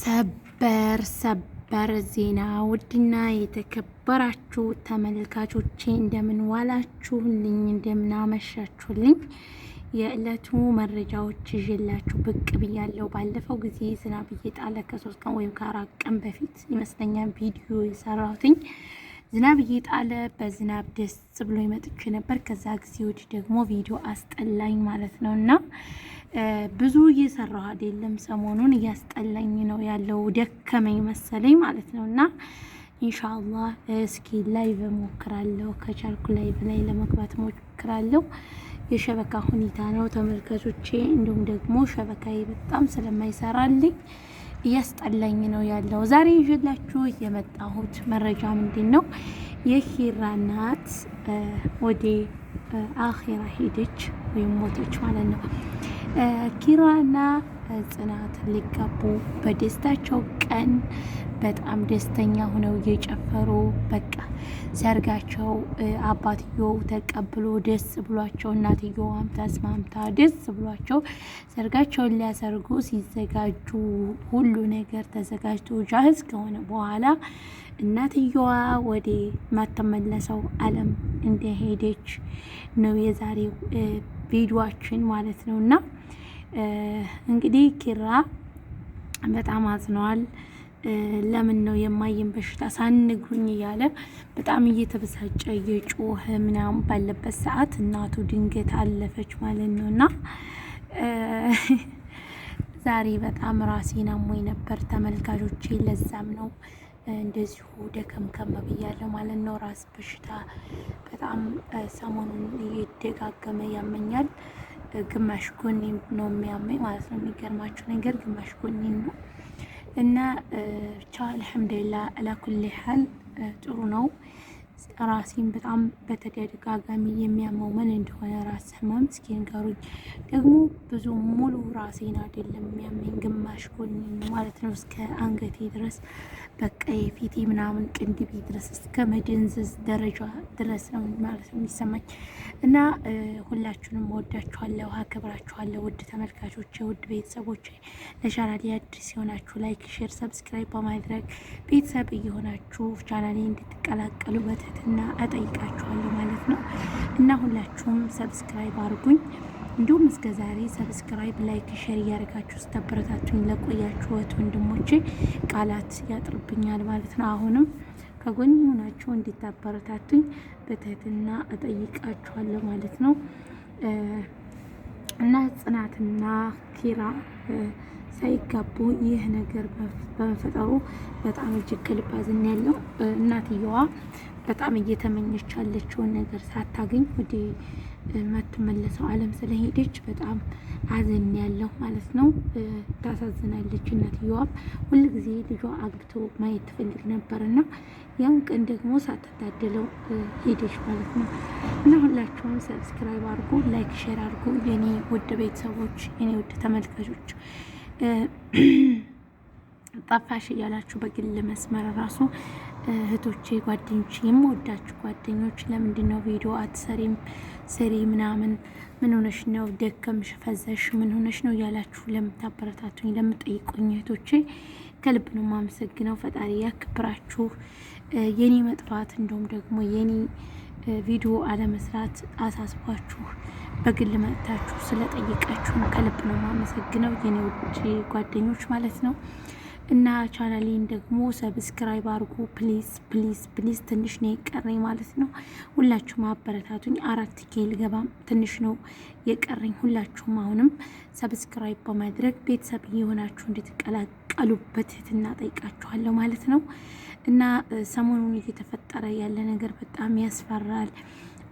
ሰበር ሰበር ዜና ውድና የተከበራችሁ ተመልካቾቼ እንደምን ዋላችሁልኝ፣ እንደምን አመሻችሁልኝ። የዕለቱ መረጃዎች ይዤላችሁ ብቅ ብያለሁ። ባለፈው ጊዜ ዝናብ እየጣለ ከሶስት ቀን ወይም ከአራት ቀን በፊት ይመስለኛል ቪዲዮ የሰራሁትኝ ዝናብ እየጣለ በዝናብ ደስ ብሎ ይመጥክ ነበር። ከዛ ጊዜ ደግሞ ቪዲዮ አስጠላኝ ማለት ነው እና ብዙ እየሰራሁ አይደለም ሰሞኑን እያስጠላኝ ነው ያለው ደከመኝ መሰለኝ ማለት ነው እና ኢንሻአላህ እስኪ ላይቭ እሞክራለሁ ከቻልኩ ላይቭ ላይ ለመግባት ሞክራለሁ። የሸበካ ሁኔታ ነው ተመልካቾቼ፣ እንዲሁም ደግሞ ሸበካዬ በጣም ስለማይሰራልኝ እያስጠላኝ ነው ያለው። ዛሬ ይዤላችሁ የመጣሁት መረጃ ምንድን ነው? የኪራ እናት ወደ አኼራ ሄደች ወይም ሞተች ማለት ነው። ኪራና ጽናት ሊጋቡ በደስታቸው ቀን በጣም ደስተኛ ሆነው እየጨፈሩ በቃ ሰርጋቸው አባትየው ተቀብሎ ደስ ብሏቸው እናትየዋም ተስማምታ ደስ ብሏቸው ሰርጋቸውን ሊያሰርጉ ሲዘጋጁ ሁሉ ነገር ተዘጋጅቶ ጃህዝ ከሆነ በኋላ እናትየዋ ወደ ማተመለሰው ዓለም እንደሄደች ነው የዛሬው ቪዲዮችን ማለት ነው እና እንግዲህ ኪራ በጣም አዝነዋል። ለምን ነው የማየን በሽታ ሳንግሩኝ እያለ በጣም እየተበሳጨ እየጮኸ ምናምን ባለበት ሰዓት እናቱ ድንገት አለፈች ማለት ነው እና ዛሬ በጣም ራሴን አሞኝ ነበር ተመልካቾቼ። ለዛም ነው እንደዚሁ ደከም ደከምከም ብያለሁ ማለት ነው። ራስ በሽታ በጣም ሰሞኑን እየደጋገመ ያመኛል። ግማሽ ጎኔ ነው የሚያመኝ ማለት ነው። የሚገርማችሁ ነገር ግማሽ ጎኔ ነው እና ብቻ አልሐምዱሊላህ አላኩል ሀል ጥሩ ነው። ራሴን በጣም በተደጋጋሚ የሚያመመን እንደሆነ ራስ ህመም እስኪ ንገሩኝ። ደግሞ ብዙ ሙሉ ራሴን አይደለም የሚያመኝ ግማሽ ጎን ማለት ነው እስከ አንገቴ ድረስ በቃ የፊቴ ምናምን ቅንድቤ ድረስ እስከ መደንዘዝ ደረጃ ድረስ ነው ማለት ነው የሚሰማኝ እና ሁላችሁንም ወዳችኋለሁ፣ አከብራችኋለሁ። ውድ ተመልካቾች፣ ውድ ቤተሰቦች ለቻናሌ አዲስ የሆናችሁ ላይክ፣ ሼር፣ ሰብስክራይብ በማድረግ ቤተሰብ እየሆናችሁ ቻናሌ እንድትቀላቀሉ በትህትና እና እጠይቃችኋለሁ ማለት ነው። እና ሁላችሁም ሰብስክራይብ አድርጉኝ። እንዲሁም እስከ ዛሬ ሰብስክራይብ፣ ላይክ፣ ሼር እያደረጋችሁ ስታበረታቱኝ ለቆያችሁ ወት ወንድሞቼ ቃላት ያጥርብኛል ማለት ነው። አሁንም ከጎን ሆናችሁ እንዲታበረታቱኝ በትህትና እጠይቃችኋለሁ ማለት ነው እና ጽናትና ኪራ ሳይጋቡ ይህ ነገር በመፈጠሩ በጣም እጅግ ከልብ ያለው እናትየዋ በጣም እየተመኘች ያለችውን ነገር ሳታገኝ ወደ መትመለሰው አለም ስለሄደች በጣም ያለው ማለት ነው። ታሳዝናለች። እናትየዋም ሁልጊዜ ልጇ አግብቶ ማየት ትፈልግ ነበር እና ያን ቀን ደግሞ ሳትታደለው ሄደች ማለት ነው። እና ሁላችሁም ሰብስክራይብ አድርጎ ላይክ፣ ሼር አድርጎ የኔ ውድ ቤተሰቦች የኔ ውድ ተመልካቾች ጠፋሽ እያላችሁ በግል መስመር ራሱ እህቶቼ፣ ጓደኞች፣ የምወዳችሁ ጓደኞች ለምንድን ነው ቪዲዮ አትሰሪም? ስሪ ምናምን ምን ሆነሽ ነው ደከምሽ፣ ፈዘሽ፣ ምን ሆነሽ ነው እያላችሁ ለምታበረታቱኝ፣ ለምጠይቁኝ እህቶቼ ከልብ ነው የማመሰግነው። ፈጣሪ ያክብራችሁ። የኔ መጥፋት እንዲሁም ደግሞ የኔ ቪዲዮ አለመስራት አሳስቧችሁ በግል መጥታችሁ ስለጠየቃችሁ ከልብ ነው የማመሰግነው የኔ ውጭ ጓደኞች ማለት ነው። እና ቻናሌን ደግሞ ሰብስክራይብ አርጎ ፕሊዝ ፕሊዝ ፕሊዝ። ትንሽ ነው የቀረኝ ማለት ነው። ሁላችሁም አበረታቱኝ። አራት ኬ ልገባም ትንሽ ነው የቀረኝ። ሁላችሁም አሁንም ሰብስክራይብ በማድረግ ቤተሰብ የሆናችሁ እንድትቀላቀሉበት እና ጠይቃችኋለሁ ማለት ነው እና ሰሞኑን እየተፈጠረ ያለ ነገር በጣም ያስፈራል።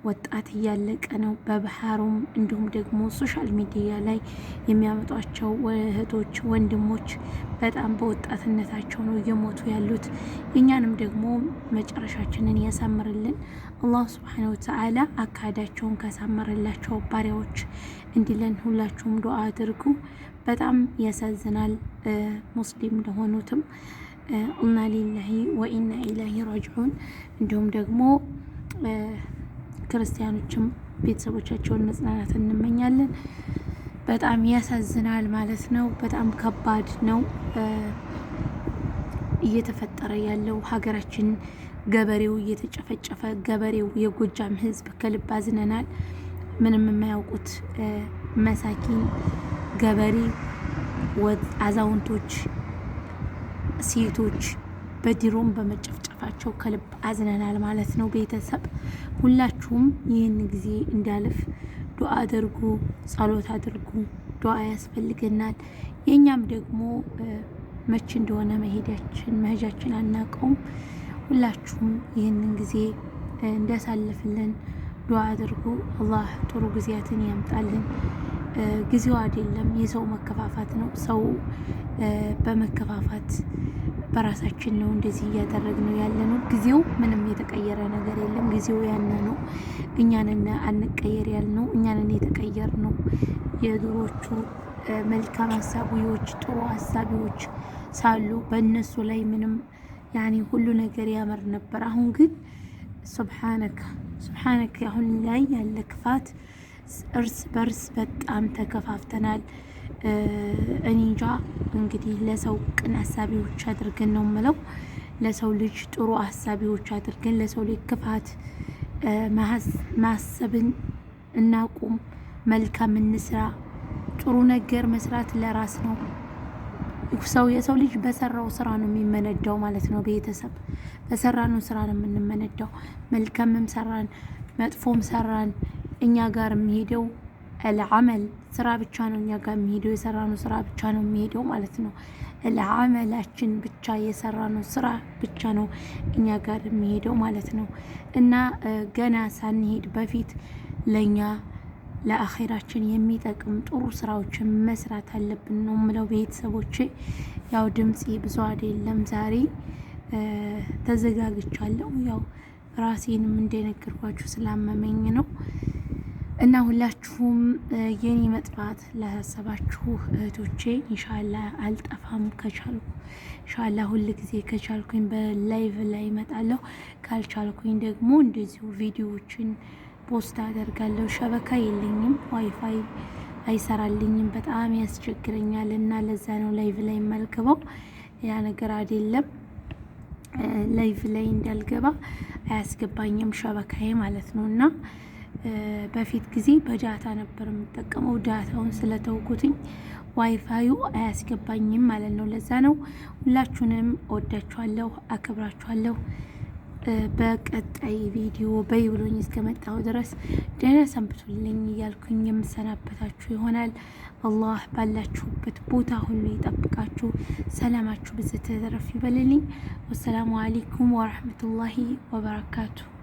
ወጣት እያለቀ ነው። በባህሩም እንዲሁም ደግሞ ሶሻል ሚዲያ ላይ የሚያመጧቸው እህቶች፣ ወንድሞች በጣም በወጣትነታቸው ነው እየሞቱ ያሉት። እኛንም ደግሞ መጨረሻችንን ያሳምርልን አላህ ሱብሓነሁ ወተዓላ አካሄዳቸውን ካሳመረላቸው ባሪያዎች እንዲለን ሁላችሁም ዱዓ አድርጉ። በጣም ያሳዝናል። ሙስሊም ለሆኑትም እና ሊላሂ ወኢና ኢላሂ ራጅዑን እንዲሁም ደግሞ ክርስቲያኖችም ቤተሰቦቻቸውን መጽናናት እንመኛለን። በጣም ያሳዝናል ማለት ነው። በጣም ከባድ ነው እየተፈጠረ ያለው ሀገራችን ገበሬው እየተጨፈጨፈ ገበሬው የጎጃም ህዝብ ከልብ አዝነናል። ምንም የማያውቁት መሳኪን ገበሬ፣ አዛውንቶች፣ ሴቶች በድሮም በመጨፍጨፍ በመሞታቸው ከልብ አዝነናል ማለት ነው። ቤተሰብ ሁላችሁም ይህን ጊዜ እንዳልፍ ዱአ አድርጉ፣ ጸሎት አድርጉ። ዱአ ያስፈልገናል። የእኛም ደግሞ መቼ እንደሆነ መሄዳችን መሄጃችን አናውቀውም። ሁላችሁም ይህንን ጊዜ እንዲያሳልፍልን ዱ አድርጉ። አላህ ጥሩ ጊዜያትን ያምጣልን። ጊዜው አይደለም የሰው መከፋፋት ነው። ሰው በመከፋፋት በራሳችን ነው እንደዚህ እያደረግነው ያለ ነው። ጊዜው ምንም የተቀየረ ነገር የለም። ጊዜው ያነ ነው። እኛንን አንቀየር ነው። እኛንን የተቀየር ነው። የድሮቹ መልካም ሀሳቢዎች ጥሩ ሀሳቢዎች ሳሉ በእነሱ ላይ ምንም ያኔ ሁሉ ነገር ያምር ነበር። አሁን ግን ሱብሓነከ ሱብሓነከ አሁን ላይ ያለ ክፋት እርስ በርስ በጣም ተከፋፍተናል። እኔጃ እንግዲህ ለሰው ቅን አሳቢዎች አድርገን ነው ምለው ለሰው ልጅ ጥሩ አሳቢዎች አድርገን ለሰው ልጅ ክፋት ማሰብን እናቁም። መልካም እንስራ። ጥሩ ነገር መስራት ለራስ ነው። ሰው የሰው ልጅ በሰራው ስራ ነው የሚመነዳው ማለት ነው። ቤተሰብ ነው ስራ ነው የምንመነዳው። መልካምም ሰራን መጥፎም ሰራን እኛ ጋር የሚሄደው ለዓመል ስራ ብቻ ነው እኛ ጋር የሚሄደው የሰራነው ስራ ብቻ ነው የሚሄደው ማለት ነው። ለዓመላችን ብቻ የሰራነው ስራ ብቻ ነው እኛ ጋር የሚሄደው ማለት ነው። እና ገና ሳንሄድ በፊት ለእኛ ለአኼራችን የሚጠቅም ጥሩ ስራዎችን መስራት አለብን ነው ምለው ቤተሰቦቼ። ያው ድምፅ ብዙ አይደለም ዛሬ ተዘጋግቻለሁ። ያው ራሴንም እንደነገርኳችሁ ስላመመኝ ነው። እና ሁላችሁም የኔ መጥፋት ላሳሰባችሁ እህቶቼ ኢንሻላ አልጠፋም። ከቻልኩ ኢንሻላ ሁል ጊዜ ከቻልኩኝ በላይቭ ላይ እመጣለሁ፣ ካልቻልኩኝ ደግሞ እንደዚሁ ቪዲዮዎችን ፖስት አደርጋለሁ። ሸበካ የለኝም፣ ዋይፋይ አይሰራልኝም፣ በጣም ያስቸግረኛል እና ለዛ ነው ላይቭ ላይ የማልገባው። ያ ነገር አይደለም ላይቭ ላይ እንዳልገባ አያስገባኝም ሸበካዬ ማለት ነው እና በፊት ጊዜ በዳታ ነበር የምጠቀመው። ዳታውን ስለተውኩትኝ ዋይፋዩ አያስገባኝም ማለት ነው። ለዛ ነው። ሁላችሁንም ወዳችኋለሁ፣ አክብራችኋለሁ። በቀጣይ ቪዲዮ በይብሎኝ እስከመጣሁ ድረስ ደህና ሰንብቱልኝ እያልኩኝ የምሰናበታችሁ ይሆናል። አላህ ባላችሁበት ቦታ ሁሉ ይጠብቃችሁ። ሰላማችሁ ብዝት ተረፍ ይበልልኝ። ወሰላሙ አሌይኩም ወረህመቱላሂ ወበረካቱ።